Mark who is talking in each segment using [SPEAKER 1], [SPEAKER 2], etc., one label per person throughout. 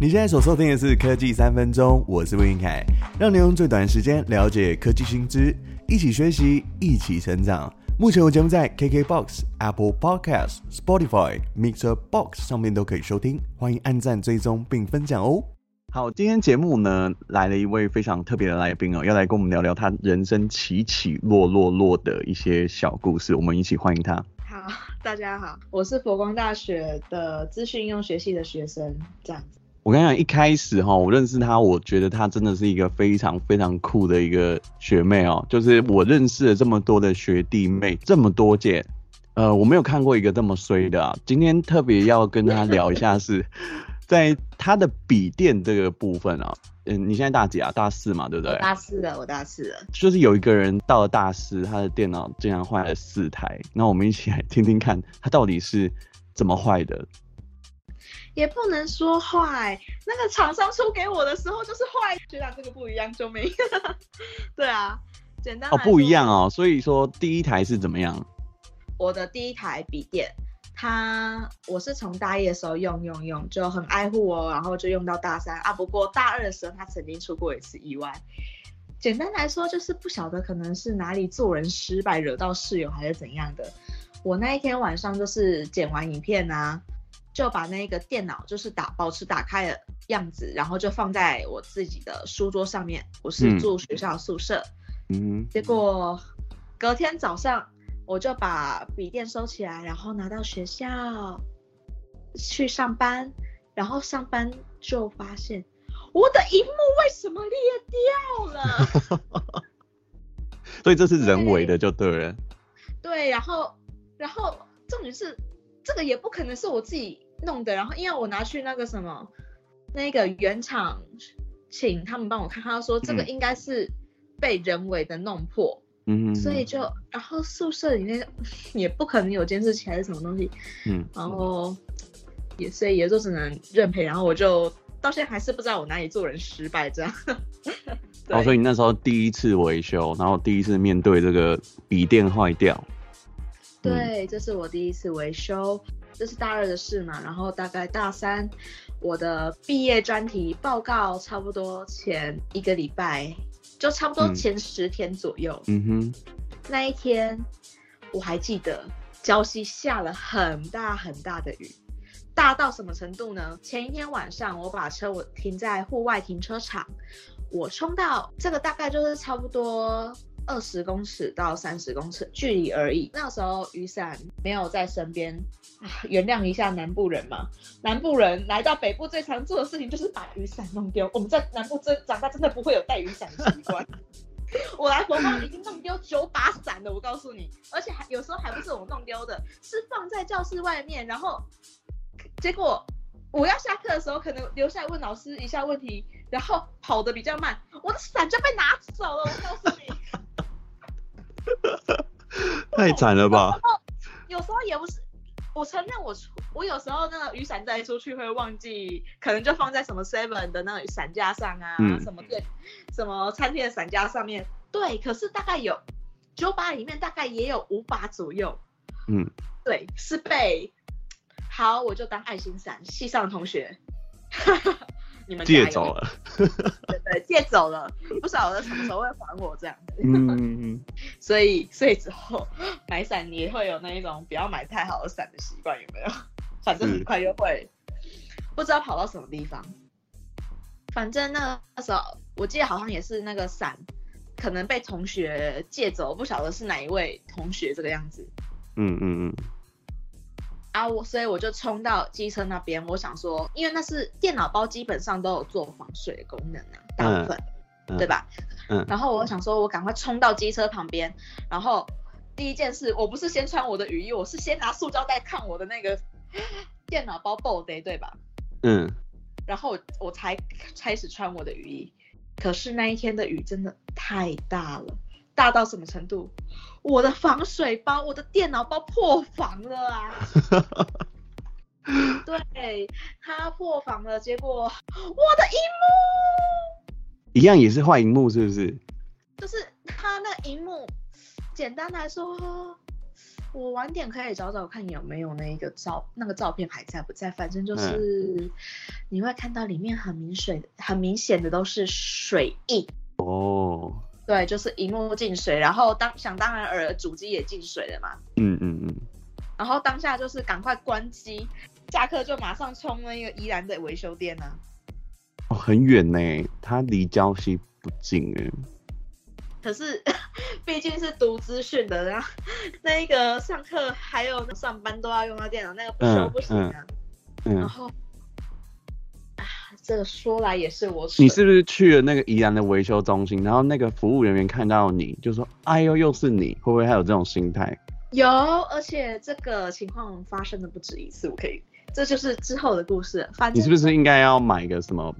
[SPEAKER 1] 你現在所收聽的是《科技三分鐘》，我是吳晏愷，讓你用最短時間了解科技新知，一起學習，一起成長。目前我節目在 KK Box、Apple Podcast、Spotify、Mixer Box 上面都可以收聽，歡迎按讚、追蹤並分享哦。好，今天節目呢來了一位非常特別的來賓哦，要來跟我們聊聊他人生起起落落落的一些小故事，我們一起歡迎他。
[SPEAKER 2] 好，大家好，我是佛光大學的資訊應用學系的學生，這樣子。
[SPEAKER 1] 我跟你講，一開始哈，我認識他，我覺得他真的是一個非常非常酷的一個學妹哦、喔。就是我認識了這麼多的學弟妹，這麼多屆，呃，我沒有看過一個這麼衰的、啊。今天特別要跟他聊一下是，是 在他的筆電這個部分啊。嗯，你現在大幾啊？大四嘛，對不對？大
[SPEAKER 2] 四的，我大四
[SPEAKER 1] 的。就是有一個人到了大四，他的電腦竟然壞了四台，那我們一起來聽聽看，他到底是怎麼壞的。
[SPEAKER 2] 也不能說壞，那個廠商出給我的時候就是壞。覺得這個不一樣就沒。 對啊，簡單。哦，不一
[SPEAKER 1] 樣哦。所以說，第一台是怎麼樣？
[SPEAKER 2] 我的第一台筆電，它我是從大一的時候用用用，就很愛護我，然後就用到大三啊。不過大二的時候，它曾經出過一次意外。簡單來說，就是不曉得可能是哪裡做人失敗，惹到室友還是怎樣的。我那一天晚上就是剪完影片啊。就把那個電腦就是打保持打開的樣子，然後就放在我自己的書桌上面。我是住學校的宿舍，嗯，結果隔天早上我就把筆電收起來，然後拿到學校去上班，然後上班就發現我的螢幕為什麼裂掉了？
[SPEAKER 1] 所以這是人為的，就對了
[SPEAKER 2] 對。對，然後然後重點是這個也不可能是我自己。弄的，然後因為我拿去那個什麼，那個原廠請他們幫我看看，他說這個應該是被人為的弄破，嗯哼，嗯嗯，所以就然後宿舍裡面也不可能有監視器還是什麼東西，嗯，然後也所以也就只能認賠，然後我就到現在還是不知道我哪裡做人失敗這樣。呵呵哦，所以你
[SPEAKER 1] 那時候第一次維修，然後第一次面對這個筆電壞掉，嗯、
[SPEAKER 2] 對，這是我第一次維修。這是大二的事嘛，然後大概大三，我的畢業專題報告差不多前一個禮拜，就差不多前十天左右。
[SPEAKER 3] 嗯，嗯
[SPEAKER 2] 哼，那一天我還記得，礁溪下了很大很大的雨，大到什麼程度呢？前一天晚上我把車我停在戶外停車場，我衝到這個大概就是差不多。二十公尺到三十公尺距離而已。那時候雨傘沒有在身邊，原諒一下南部人嘛。南部人來到北部最常做的事情就是把雨傘弄丟。我們在南部真長大真的不會有帶雨傘的習慣。 我來佛媽已經弄丟九把傘了，我告訴你，而且還有時候還不是我弄丟的，是放在教室外面，然後結果我要下課的時候，可能留下來問老師一下問題，然後跑得比較慢，我的傘就被拿走了，我告訴你。
[SPEAKER 1] 太慘了吧，有
[SPEAKER 2] 有！有時候也不是，我承認我我有時候那個雨傘帶出去會忘記，可能就放在什麼 Seven 的那個傘架上啊，嗯、什麼店、什麼餐廳的傘架上面。對，可是大概有九把裡面，大概也有五把左右。
[SPEAKER 3] 嗯，
[SPEAKER 2] 對，是被好，我就當愛心傘系上，同學。 借走了， 對，對對，借走了，不曉得什麼時候會還我這樣嗯嗯 所以，所以之後買傘你也會有那一種不要買太好的傘的習慣有沒有？反正很快又會，嗯、不知道跑到什麼地方。反正那時候我記得好像也是那個傘可能被同學借走，不曉得是哪一位同學這個樣子。嗯嗯嗯。啊，我所以我就衝到機車那邊，我想說，因為那是電腦包基本上都有做防水的功能啊，大部
[SPEAKER 3] 分，嗯嗯、對吧？嗯、然
[SPEAKER 2] 後我想說，我趕快衝到機車旁邊，然後第一件事，我不是先穿我的雨衣，我是先拿塑膠袋看我的那個電腦包包袋，對吧？嗯。然後我才開始穿我的雨衣，可是那一天的雨真的太大了。大到什麼程度？我的防水包，我的電腦包破防了啊！ 對，他破防了，結果我的熒幕
[SPEAKER 1] 一樣也是壞熒幕，是不是？
[SPEAKER 2] 就是他那熒幕，簡單來說，我晚點可以找找看有沒有那個照那個照片還在不在，反正就是、嗯、你會看到裡面很明水很明顯的都是水印哦。對，就是屏幕進水，然後當想當然耳，主機也進水了嘛。嗯嗯嗯。嗯，然後當下就是趕快關機，下課就馬上衝那個宜蘭的維修店呢。
[SPEAKER 1] 哦，很遠呢，它離郊區不近哎。
[SPEAKER 2] 可是畢竟是讀資訊的，然後那個上課還有上班都要用到電腦，那個不修不行啊。嗯。嗯嗯然後。這個說來也
[SPEAKER 1] 是我，你是不是去了那個宜蘭的維修中心，然後那個服務人員、員看到你就說，哎呦又是你，會不會還有這種心態？
[SPEAKER 2] 有，而且這個情況發生的不止一次，我可以，這就是之後的故事。反正你是不是
[SPEAKER 1] 應該要買個什麼，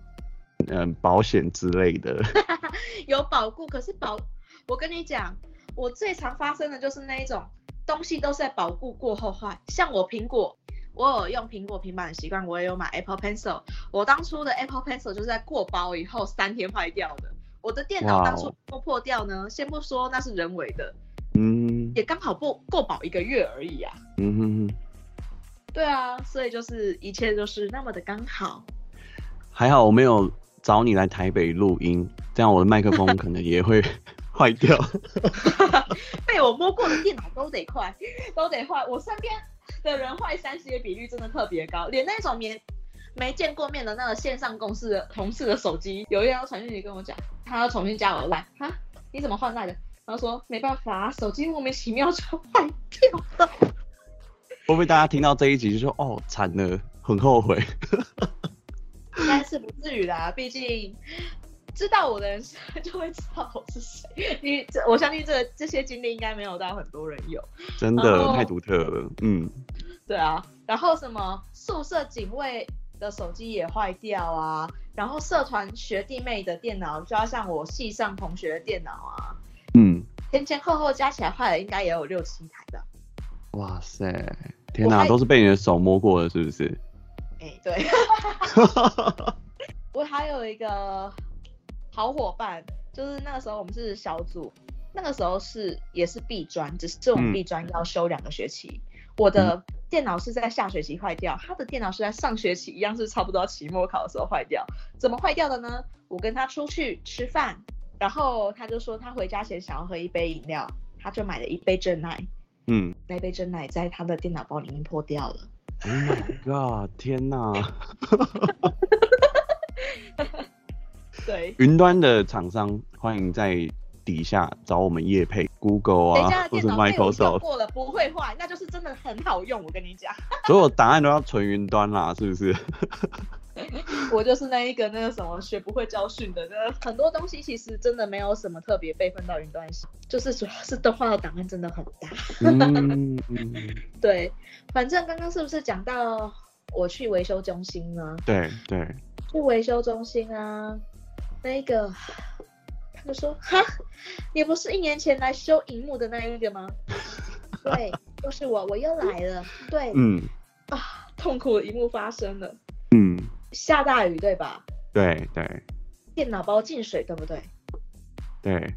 [SPEAKER 1] 嗯、呃，保險之類的？
[SPEAKER 2] 有保固，可是保，我跟你講，我最常發生的就是那一種東西都是在保固過後壞，像我蘋果。我有用蘋果平板的習慣，我也有買 Apple Pencil。我當初的 Apple Pencil 就是在過保以後三天壞掉的。我的電腦當初破破掉呢，Wow 先不說那是人為的，嗯，也剛好不過保一個月而已啊。嗯哼哼，對啊，所以就是一切都是那麼的剛好。
[SPEAKER 1] 還好我沒有找你來台北錄音，這樣我的麥克風可能也會壞
[SPEAKER 2] 掉。 被我摸過的電腦都得壞，都得壞。我身邊。的人壞 3C 的比率真的特別高，連那種沒沒見過面的那個線上公司的同事的手機，有一天傳訊息跟我講，他要重新加我賴，哈，你怎麼換賴的？他說沒辦法，手機莫名其妙就壞掉了。會
[SPEAKER 1] 不會大家聽到這一集就說哦，慘了，很後悔？
[SPEAKER 2] 但 是不至於啦，畢竟。知道我的人是，就會知道我是誰。你這，我相信這個、這些經歷應該沒有到很多人有。真的後太獨特了，嗯。對啊，然後什麼宿舍警衛的手機也壞掉啊，然後社團學弟妹的電腦抓上我系上同學的電腦啊，嗯。前前後後加起來壞了應該也有六七台的。
[SPEAKER 1] 哇塞，天哪，還都是被你的手摸過的，是不是？哎、欸，對。
[SPEAKER 2] 我還有一個好夥伴，就是那個時候我們是小組，那個時候是也是 B 專，只是這種 B 專要修兩個學期。嗯、我的電腦是在下學期壞掉，嗯、他的電腦是在上學期，一樣是差不多期末考的時候壞掉。怎麼壞掉的呢？我跟他出去吃飯，然後他就說他回家前想要喝一杯飲料，他就買了一杯珍奶。嗯，那杯珍奶在他的電腦包裡面破掉了。我
[SPEAKER 1] 的、oh、my god 天哪！ 雲對端的廠商歡迎在底下找我們業配 Google 啊，或是 Microsoft。過
[SPEAKER 2] 了不會壞，那就是真的很好用。我跟你講，
[SPEAKER 1] 所有檔案都要存雲端啦，是不是？
[SPEAKER 2] 我就是那一個那個什麼學不會教訓的，的很多東西其實真的沒有什麼特別備份到雲端，就是主要是動畫的檔案真的很大。
[SPEAKER 3] 嗯、
[SPEAKER 2] 對，反正剛剛是不是講到我去維修中心呢？
[SPEAKER 1] 對對，
[SPEAKER 2] 去維修中心啊。那個，他們說：“哈，你不是一年前來修熒幕的那一個嗎？” 對，又是我，我又來了。 對，嗯，啊，痛苦的一幕發生了。嗯，下大雨對吧？
[SPEAKER 1] 對對，對
[SPEAKER 2] 電腦包進水對不對？
[SPEAKER 1] 對，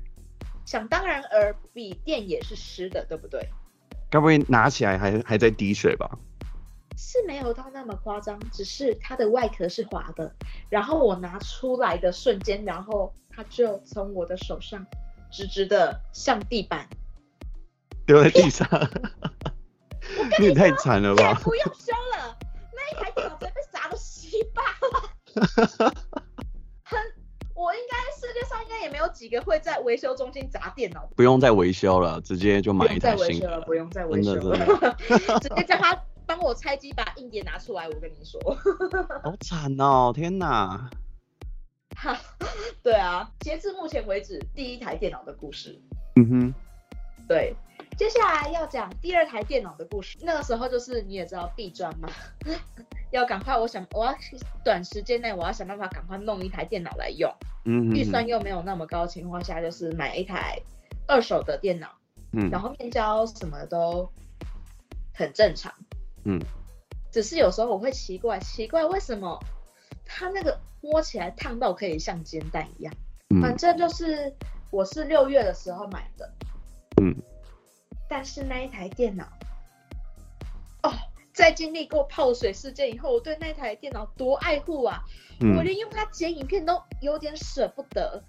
[SPEAKER 2] 想當然爾，筆電也是濕的對不對？
[SPEAKER 1] 該不會拿起來還還在滴
[SPEAKER 2] 水吧？是沒有到那麼誇張，只是它的外殼是滑的，然後我拿出來的瞬間，然後它就從我的手上直直的向地板
[SPEAKER 1] 丟在地上。屁 你，你也太慘了吧！不用修了，那一台電腦直接被砸個稀
[SPEAKER 2] 巴爛。 我應該世界上應該也沒有幾個會在維修中心砸電腦。
[SPEAKER 1] 不用再維修了，直接就買一台新的。不用再維修了，不用再維修了，
[SPEAKER 2] 真的真的 直接叫它，幫我拆機，把硬碟拿出來。我跟你說，
[SPEAKER 1] 好慘哦！天哪，
[SPEAKER 2] 對啊。截至目前為止，第一台電腦的故事。嗯
[SPEAKER 3] 哼，
[SPEAKER 2] 對。接下來要講第二台電腦的故事。那個時候就是你也知道 B，地磚嘛，要趕快，我想我要短時間內，我要想辦法趕快弄一台電腦來用。嗯哼，預算又沒有那麼高情況下，就是買一台二手的電腦。嗯，然後面交什麼都很正常。嗯，只是有時候我會奇怪，奇怪為什麼它那個摸起來燙到可以像煎蛋一樣。反正就是我是六月的時候買的，嗯。嗯，但是那一台電腦，哦，在經歷過泡水事件以後，我對那台電腦多愛護啊！嗯，我連用它剪影片都有點捨不得，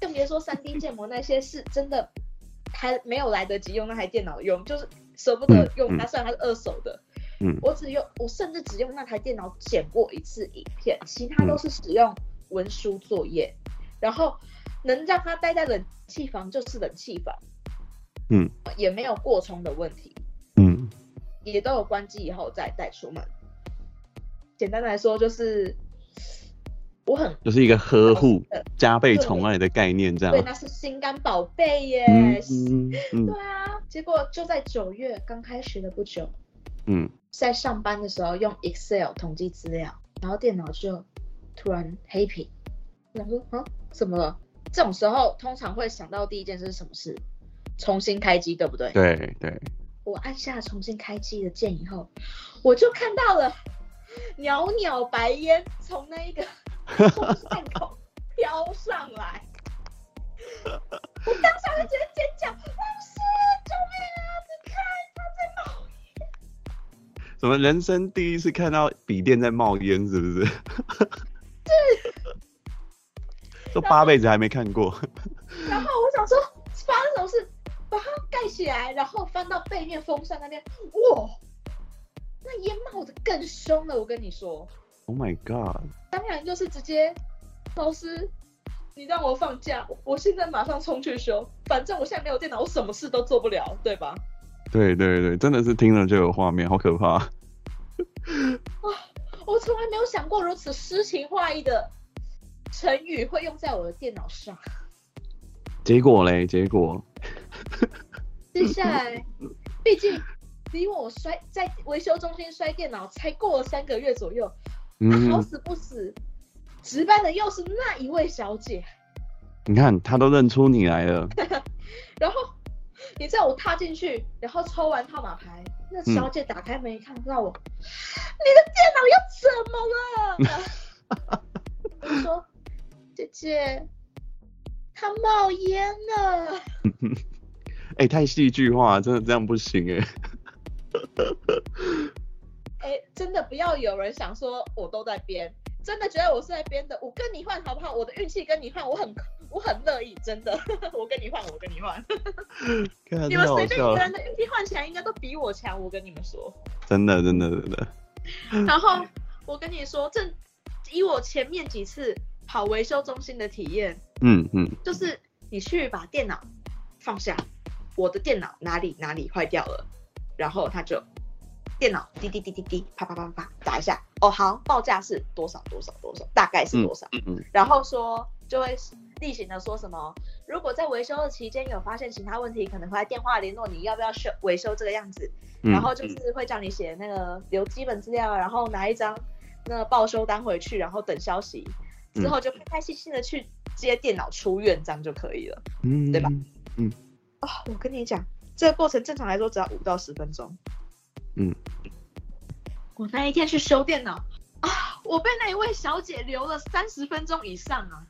[SPEAKER 2] 更別說三 D 建模那些事，真的還沒有來得及用那台電腦用，就是捨不得用它，雖然它是二手的。嗯，我只用我甚至只用那台電腦剪過一次影片，其他都是使用文書作業，嗯，然後能讓它待在冷氣房就是冷氣房，嗯，也沒有過充的問題，嗯，也都有關機以後再帶出門。簡單來說就是，我
[SPEAKER 1] 很就是一個呵護對加倍寵愛的概念這樣，對，
[SPEAKER 2] 對，那是心肝寶貝耶，嗯，
[SPEAKER 3] 是嗯嗯對啊，
[SPEAKER 2] 結果就在九月剛開始的不久，嗯。在上班的時候用 Excel 統計資料，然後電腦就突然黑屏。然後說，啊，怎麼了？這種時候通常會想到第一件事是什麼事？重新開機，對不對？對對。對。我按下重新開機的鍵以後，我就看到了裊裊白煙從那一個充電口飄上來。 我當時還
[SPEAKER 3] 在尖叫：“老師，救命！”
[SPEAKER 1] 怎麼，人生第一次看到筆電在冒煙，是不是？
[SPEAKER 3] 這，對
[SPEAKER 1] 都八輩子後還沒看過。
[SPEAKER 2] 然後我想說，發生什麼事，把它蓋起來，然後翻到背面風扇那邊，哇，那煙冒得更凶了。我跟你說
[SPEAKER 1] ，Oh my God！
[SPEAKER 2] 當然就是直接，老師，你讓我放假，我現在馬上衝去修，反正我現在沒有電腦，我什麼事都做不了，對吧？
[SPEAKER 1] 對對對，真的是聽了就有畫面，好可怕！
[SPEAKER 2] 哇，我從來沒有想過如此詩情畫意的成語會用在我的電腦上。
[SPEAKER 1] 結果嘞，結果，
[SPEAKER 2] 接下來，畢竟離我摔在維修中心摔電腦才過了三個月左右，嗯啊、好死不死，值班的又是那一位小姐。
[SPEAKER 1] 你看，他都認出你來了。
[SPEAKER 2] 然後。你知道我踏進去，然後抽完號碼牌，那小姐打開門一看到我，嗯、你的電腦又怎麼了？ 我說，姐姐，它冒煙
[SPEAKER 1] 了。哎、欸，太戲劇化，真的這樣不行哎、欸。
[SPEAKER 2] 哎、 欸，真的不要有人想說我都在編，真的覺得我是在編的。我跟你換好不好？我的運氣跟你換，我很。我很樂意，真的， 我跟你換，我跟你換， 你們隨便跟的，N P 換起來應該都比我強，我
[SPEAKER 1] 跟你們說，真的，真的，真的。
[SPEAKER 2] 然後我跟你說，這以我前面幾次跑維修中心的體驗、嗯，
[SPEAKER 3] 嗯
[SPEAKER 2] 嗯，就是你去把電腦放下，我的電腦哪裡哪裡壞掉了，然後他就電腦滴滴滴滴滴，啪啪啪啪，啪打一下，哦好，報價是多少，多少多少多少，大概是多少，嗯嗯，嗯嗯然後說就會。例行的說什麼？如果在維修的期間有發現其他問題，可能會再電話聯絡你，要不要修維修這個樣子？嗯、然後就是會叫你寫那個留基本資料，然後拿一張那個報修單回去，然後等消息之後就開開心心的去接電腦出院，這樣就可以了，嗯，對吧？嗯。嗯哦，我跟你講，這個過程正常來說只要五到十分鐘。嗯。我那一天去修電腦啊，我被那一位小姐留了三十分鐘以上啊。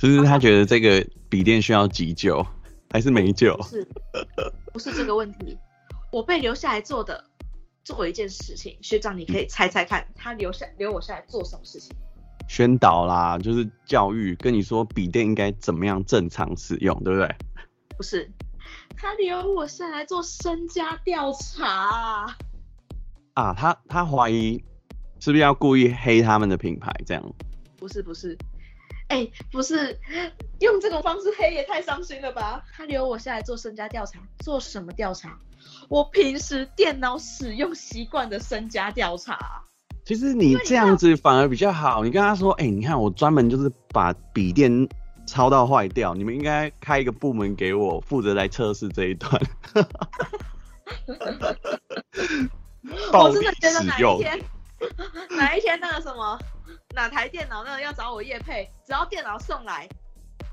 [SPEAKER 1] 就是他覺得這個筆電需要急救，啊、還是沒救？
[SPEAKER 2] 不是，不是這個問題？我被留下來做的做了一件事情，學長你可以猜猜看，他留下、嗯、留我下來做什麼事情？
[SPEAKER 1] 宣導啦，就是教育，跟你說筆電應該怎麼樣正常使用，對不對？
[SPEAKER 2] 不是，他留我下來做身家調查啊！
[SPEAKER 1] 啊，他他懷疑是不是要故意黑他們的品牌這樣？
[SPEAKER 2] 不是不是。不是哎、欸，不是用這種方式黑也太傷心了吧？他留我下來做身家調查，做什麼調查？我平時電腦使用習慣的身家調查，啊。
[SPEAKER 1] 其實你這樣子反而比較好，你跟他說，哎、欸，你看我專門就是把筆電抄到壞掉，你們應該開一個部門給我負責來測試這一段。
[SPEAKER 2] 我真的覺得哪一天，哪一天那個什麼。哪台電腦呢？要找我業配，只要電腦送來，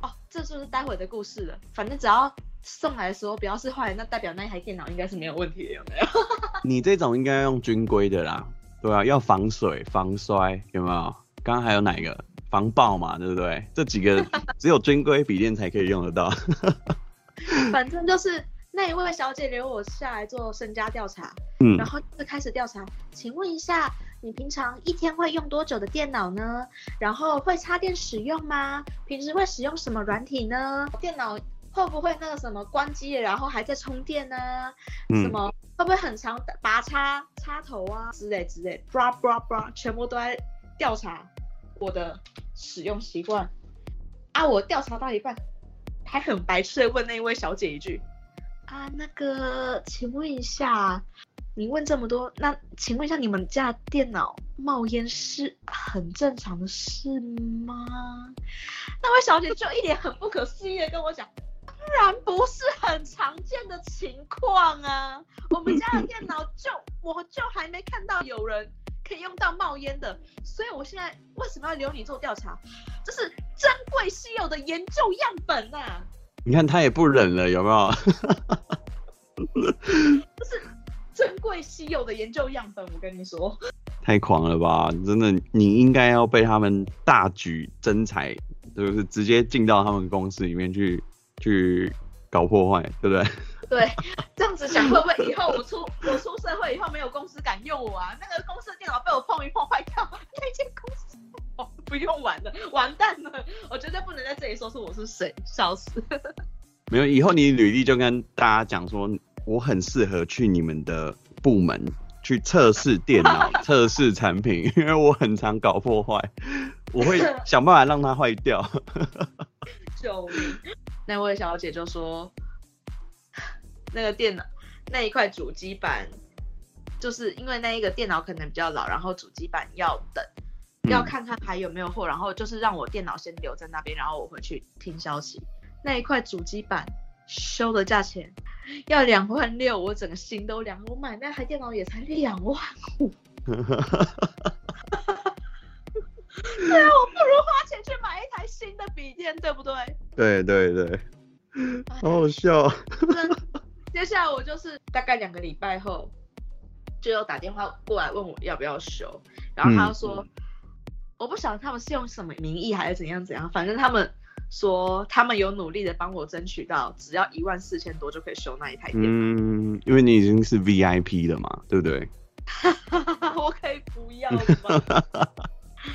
[SPEAKER 2] 哦，這就是待會兒的故事了。反正只要送來的時候不要是壞，那代表那台電腦應該是沒有問題的，有沒有？
[SPEAKER 1] 你這種應該要用軍規的啦，對啊，要防水、防摔，有沒有？剛剛還有哪一個？防爆嘛，對不對？這幾個只有軍規筆電才可以用得到。
[SPEAKER 2] 反正就是那一位小姐留我下來做身家調查，嗯，然後就開始調查，請問一下。你平常一天會用多久的電腦呢？然後會插電使用嗎？平時會使用什麼軟體呢？電腦會不會那個什麼關機，然後還在充電呢？嗯、什麼會不會很常拔插插頭啊之類之類 Bra Bra Bra, 全部都在調查我的使用習慣啊！我調查到一半，還很白痴地問那一位小姐一句啊，那個，請問一下。你問這麼多，那請問一下，你們家電腦冒煙是很正常的事嗎？那位小姐就一臉很不可思議的跟我講，當然不是很常見的情況啊，我們家的電腦就我就還沒看到有人可以用到冒煙的，所以我現在為什麼要留你做調查？這是珍貴稀有的研究樣本啊！
[SPEAKER 1] 你看他也不忍了，有沒有？
[SPEAKER 2] 不是。珍貴稀有的研究樣本，我跟你
[SPEAKER 1] 說，太狂了吧！真的，你應該要被他們大舉徵才，就是直接進到他們公司裡面去，去搞破壞，對不對？對，這樣子想
[SPEAKER 2] 會不會以後我出我出社會以後沒有公司敢用我啊？那個公司的電腦被我碰一碰壞掉，那間公司不用完了，完蛋了！我絕對不能在這裡說出我是誰，笑
[SPEAKER 1] 死！沒有，以後你履歷就跟大家講說。我很適合去你們的部門去測試電腦、 測試產品，因為我很常搞破壞，
[SPEAKER 2] 我會
[SPEAKER 1] 想辦法讓它壞掉。
[SPEAKER 2] 救 命！那位小姐就說：“那個電腦那一塊主機板，就是因為那一個電腦可能比較老，然後主機板要等，要看看還有沒有貨，然後就是讓我電腦先留在那邊，然後我回去聽消息。那一塊主機板。”修的價錢要兩萬六，我整個心都涼了。我買那台電腦也才兩萬五， 對啊，我不如花錢去買一台新的筆電，對不對？
[SPEAKER 1] 對對對，好好笑。
[SPEAKER 2] 接下來我就是大概兩個禮拜後，就要打電話過來問我要不要修，然後他說，嗯、我不曉得他們是用什麼名義還是怎樣怎樣，反正他們。說他們有努力的幫我爭取到，只要一萬四千多就可以修那一台電腦。
[SPEAKER 1] 嗯，因為你已經是 VIP 了嘛，對不對？
[SPEAKER 2] 我可以不要
[SPEAKER 1] 嗎？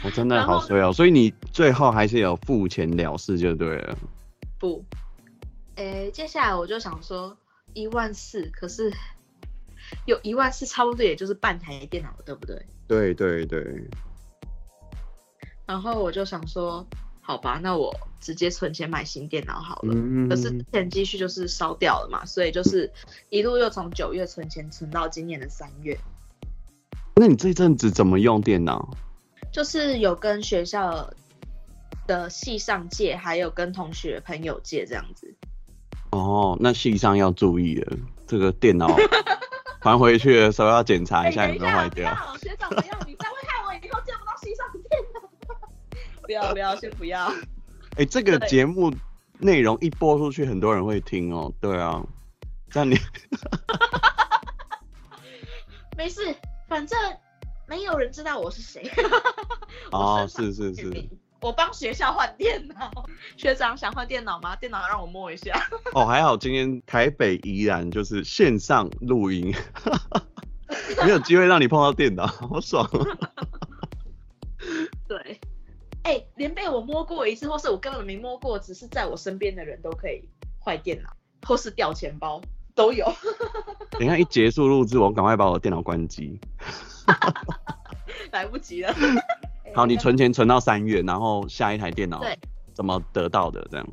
[SPEAKER 1] 我、 哦、真的好衰哦，後所以你最後還是有付錢了事就對了。
[SPEAKER 2] 不、欸，接下來我就想說一萬四，可是有一萬四差不多也就是半台電腦，對不對？
[SPEAKER 1] 對對對。
[SPEAKER 2] 然後我就想說。好吧，那我直接存錢買新電腦好
[SPEAKER 3] 了。嗯、可是之
[SPEAKER 2] 前積蓄就是燒掉了嘛，所以就是一路又從九月存錢存到今年的三月。
[SPEAKER 1] 那你這陣子怎麼用電腦？
[SPEAKER 2] 就是有跟學校的系上借，還有跟同學的朋友借這樣子。
[SPEAKER 1] 哦，那系上要注意了，這個電腦還回去的時候要檢查一下有沒有壞掉、欸。學長，不
[SPEAKER 2] 要，你在。不要，不要，
[SPEAKER 1] 先不要。哎、欸，這個節目內容一播出去，很多人會聽哦。對啊，這樣你
[SPEAKER 2] 沒事，反正沒有人知道我是誰。
[SPEAKER 1] 哦，是，是是是，
[SPEAKER 2] 我幫學校換電腦。學長想換電腦嗎？電腦讓我摸一下。
[SPEAKER 1] 哦，還好今天台北依然就是線上錄音， 沒有機會讓你碰到電腦，好爽、啊。 對。
[SPEAKER 2] 哎、欸，連被我摸過一次，或是我根本沒摸過，只是在我身邊的人都可以壞電腦，或是掉錢包都有。
[SPEAKER 1] 等一下一結束錄製，我趕快把我的電腦關機。
[SPEAKER 2] 來不及了。好，你存錢
[SPEAKER 1] 存到三月，然後下一台電腦對怎麼得到的這樣？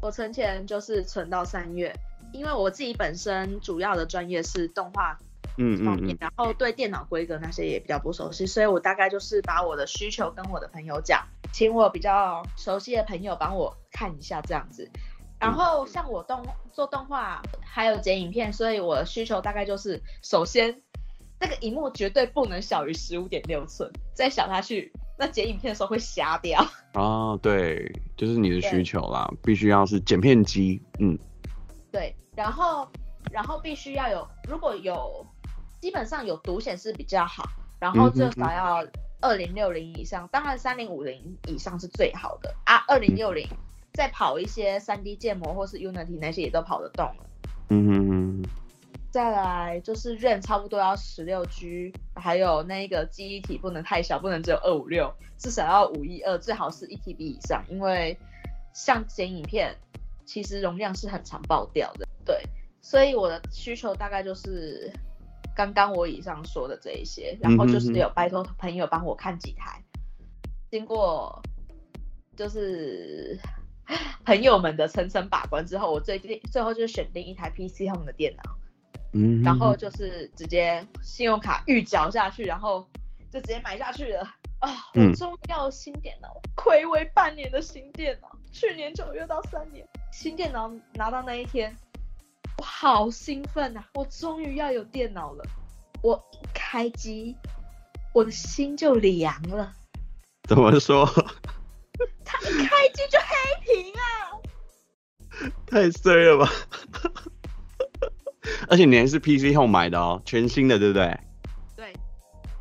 [SPEAKER 2] 我存錢就是存到三月，因為我自己本身主要的專業是動畫嗯、方、嗯、
[SPEAKER 3] 面、嗯，
[SPEAKER 2] 然後對電腦規格那些也比較不熟悉，所以我大概就是把我的需求跟我的朋友講。請我比較熟悉的朋友幫我看一下這樣子，然後像我動做動畫還有剪影片，所以我的需求大概就是，首先那個螢幕絕對不能小於十五點六寸，再小下去那剪影片的時候會瞎掉。
[SPEAKER 1] 哦對，就是你的需求啦，對必須要是剪片機，嗯，
[SPEAKER 2] 對，然後然後必須要有，如果有基本上有獨顯是比較好，然後至少要。二零六零以上，當然三零五零以上是最好的啊。二零六零再跑一些三 D 建模或是 Unity 那些也都跑得動了。嗯，
[SPEAKER 3] 哼
[SPEAKER 2] 嗯，再來就是 RAM 差不多要十六 G，還有那個記憶體不能太小，不能只有二五六，至少要五一二，最好是一 TB 以上，因為像剪影片，其實容量是很常爆掉的。對，所以我的需求大概就是。剛剛我以上說的這一些，然後就是有拜託朋友幫我看幾台，經過就是朋友們的層層把關之後，我最近最後就是選定一台 PC 用的電腦，嗯
[SPEAKER 3] 哼，然後就
[SPEAKER 2] 是直接信用卡預繳下去，然後就直接買下去了。啊、哦，終於要新電腦，暌違、嗯、半年的新電腦，去年九月到三年，新電腦拿到那一天。我好興奮吶、啊！我終於要有電腦了。我一開機，我的心就涼了。怎麼說？它一開機就黑屏啊！
[SPEAKER 1] 太衰了吧！ 而且你還是 PC Home 買的哦，全新的，對不對？對，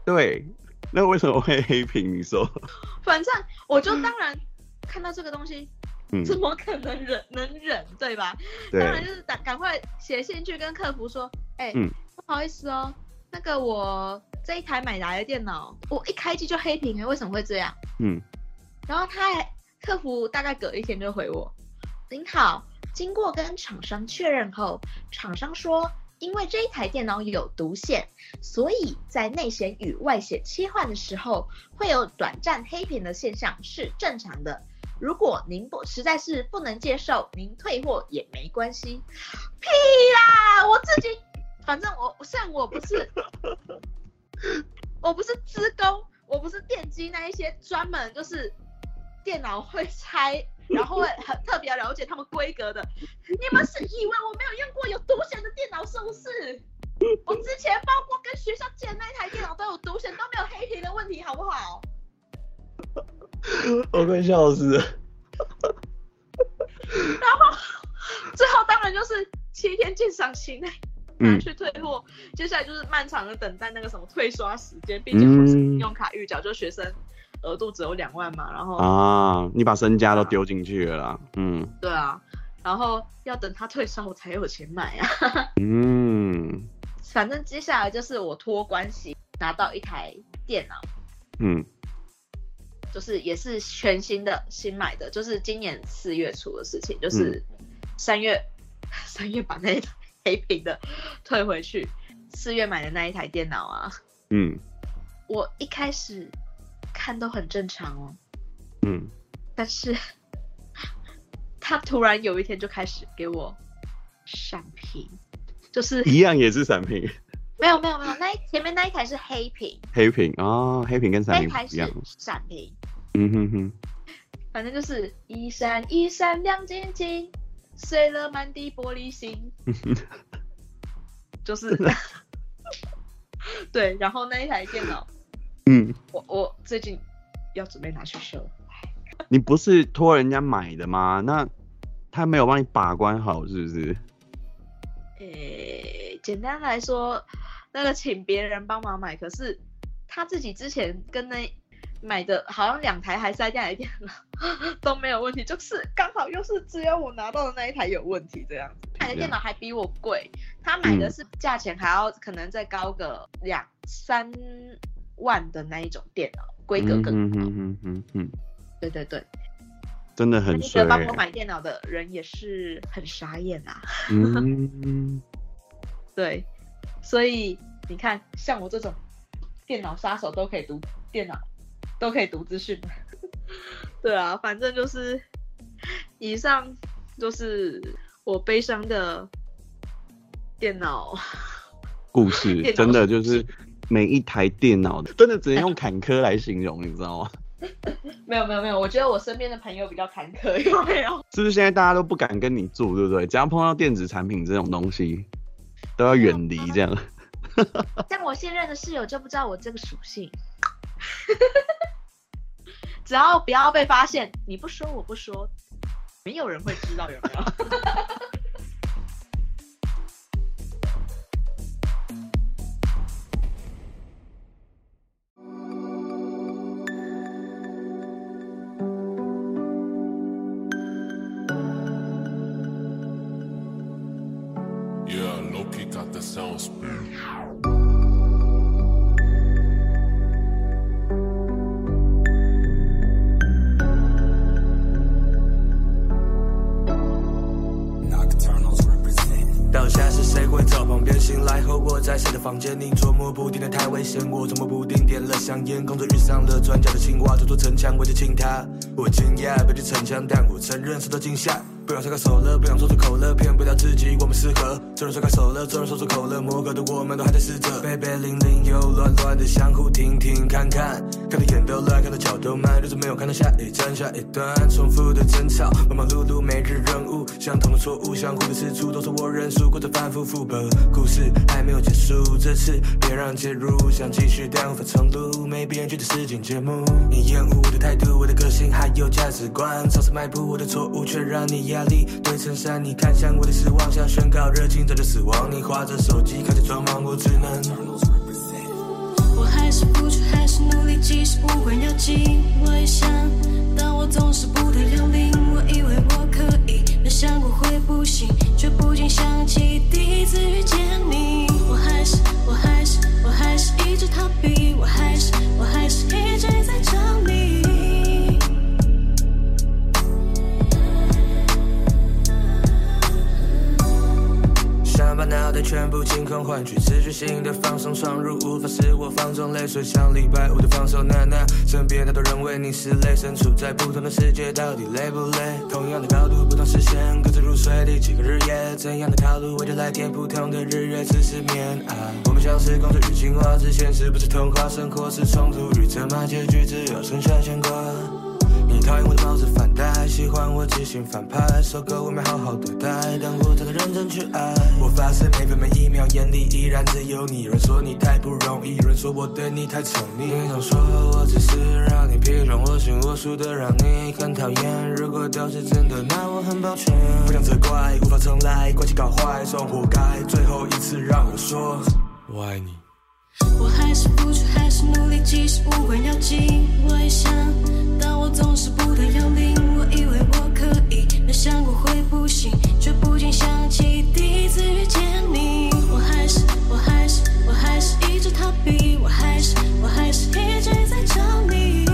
[SPEAKER 1] 對。那為什麼會黑屏？你說。
[SPEAKER 2] 反正我就當然看到這個東西。怎麼可能忍能忍，對吧？對，當然就是趕趕快寫信去跟客服說，哎、欸，嗯、不好意思哦，那個我這一台買來的電腦，我一開機就黑屏，為什麼會這樣？嗯，然後他還客服大概隔一天就回我，您好，經過跟廠商確認後，廠商說因為這一台電腦有獨顯，所以在內顯與外顯切換的時候會有短暫黑屏的現象是正常的。如果您不實在是不能接受，您退貨也沒關係。屁啦，我自己，反正我像我不是，我不是資工，我不是電機那一些專門就是電腦會拆，然後會很特別了解他們規格的。你們是以為我沒有用過有獨顯的電腦是不是？我之前包括跟學校借的那一台電腦都有獨顯，都沒有黑屏的問題，好不好？
[SPEAKER 3] 我快
[SPEAKER 1] 笑死了
[SPEAKER 2] 然後最後當然就是七天鑑賞期內，嗯，拿去退貨。接下來就是漫長的等待那個什麼退刷時間，畢竟信用卡預繳就學生額度只有兩萬嘛，然後啊，
[SPEAKER 1] 你把身家都丟進去了啦，嗯，
[SPEAKER 2] 對啊，然後要等他退刷我才有錢買啊，
[SPEAKER 1] 嗯，
[SPEAKER 2] 反正接下來就是我托關係拿到一台電腦，嗯。就是也是全新的新買的，就是今年四月初的事情，就是三月、嗯、 三月把那一台黑屏的退回去，四月買的那一台電腦啊，嗯，我一開始看都很正常哦，嗯，但是他突然有一天就開始給我閃屏，就是
[SPEAKER 1] 一樣也是閃屏。
[SPEAKER 2] 沒有沒有沒有，那前面那一台是黑屏，
[SPEAKER 1] 黑屏哦，黑屏跟閃屏不一樣，
[SPEAKER 2] 閃屏。
[SPEAKER 1] 嗯哼哼，
[SPEAKER 2] 反正就是一閃一閃亮晶晶，碎了滿地玻璃心。 就是，的 對，然後那一台電腦，嗯，我我最近要準備拿去修。
[SPEAKER 1] 你不是托人家買的嗎？那他沒有幫你把關好，是不
[SPEAKER 2] 是？呃、欸，簡單來說。那個請別人幫忙買，可是他自己之前跟那買的好像兩台還是三台電腦都沒有問題，就是剛好又是只有我拿到的那一台有問題這樣子。他的了電腦還比我貴，他買的是價錢還要可能再高個兩、嗯、三萬的那一種電腦，規格
[SPEAKER 3] 更好。嗯嗯嗯
[SPEAKER 2] 嗯，對對對，
[SPEAKER 1] 真的很衰、欸。那個幫我
[SPEAKER 2] 買電腦的人也是很傻眼啊。嗯哼哼， 對。所以你看，像我這種電腦殺手都可以讀電腦，都可以讀資訊。 對啊，反正就是以上就是我悲傷的電腦
[SPEAKER 1] 故事。真的就是每一台電腦的，真的只能用坎坷來形容， 你知道嗎？
[SPEAKER 2] 沒有沒有沒有，我覺得我身邊的朋友比較坎坷，有沒有？
[SPEAKER 1] 是不是現在大家都不敢跟你住，對不對？只要碰到電子產品這種東西。都要遠離這樣、嗯
[SPEAKER 2] 嗯，像我現任的室友就不知道我這個屬性， 只要不要被發現，你不說我不說，沒有人會知道有沒有。
[SPEAKER 3] 在旁邊醒來後，我在誰的房間裡，捉摸不定的太危險，我捉摸不定點了香煙。工作遇上了轉角的青蛙，裝作逞強，我就親他。我驚訝，被這逞強，但我承認受到驚嚇。不想說開手了，不想說出口了，騙不了自己，我們適合。做人說開手了，做人說出口了，魔個的我們都還在試着。杯杯零零又亂亂的，相互聽聽看看，看的眼都亂，看的腳都慢，總是沒有看到下一站、下一段。重複的爭吵，忙忙碌碌、碌、碌每日任務，相同的錯誤，相同的失足，都是我認輸過的反復副本。故事還沒有結束，這次別讓介入，想繼續但無法重錄，沒編劇的實境節目。你厭惡我的態度，我的個性還有價值觀，嘗試邁步，我的錯誤卻讓你厭。壓力堆成山，你看向我的失望，像宣告熱情早就死亡。你划着手機，開始裝忙，我只能。我還是不去，還是努力，繼續。如無法使我放縱淚水，像禮拜五的放手，娜娜。身邊太多人為你失淚，身處在不同的世界，到底累不累？同樣的高度，不同視線，各自入睡的幾個日夜。怎樣的套路，為了來點不同的日月，只是失眠。啊。我們像是公主與青蛙之間，是不是童話生活是衝突與責罵，結局只有剩下牽掛。你討厭我的帽子反戴，喜歡我即興反派，受夠我沒好好對待。但認真去愛。我發誓，每分每一秒，眼裡依然只有你。有人說你太不容易，有人說我對你太寵溺。你總說，我只是讓你疲倦，我行我素的讓你很討厭。如果道歉真的，那我很抱歉。不想責怪，無法重來，關係搞壞，算活該。最後一次，讓我說，我愛你。我還是不去，還是努力，即使無關要緊。我也想，但我總是不得要領。想過會不行，卻不禁想起第
[SPEAKER 2] 一次遇見你。我還是，我還是，我還是一直逃避。我
[SPEAKER 3] 還是，我還是一直在找你。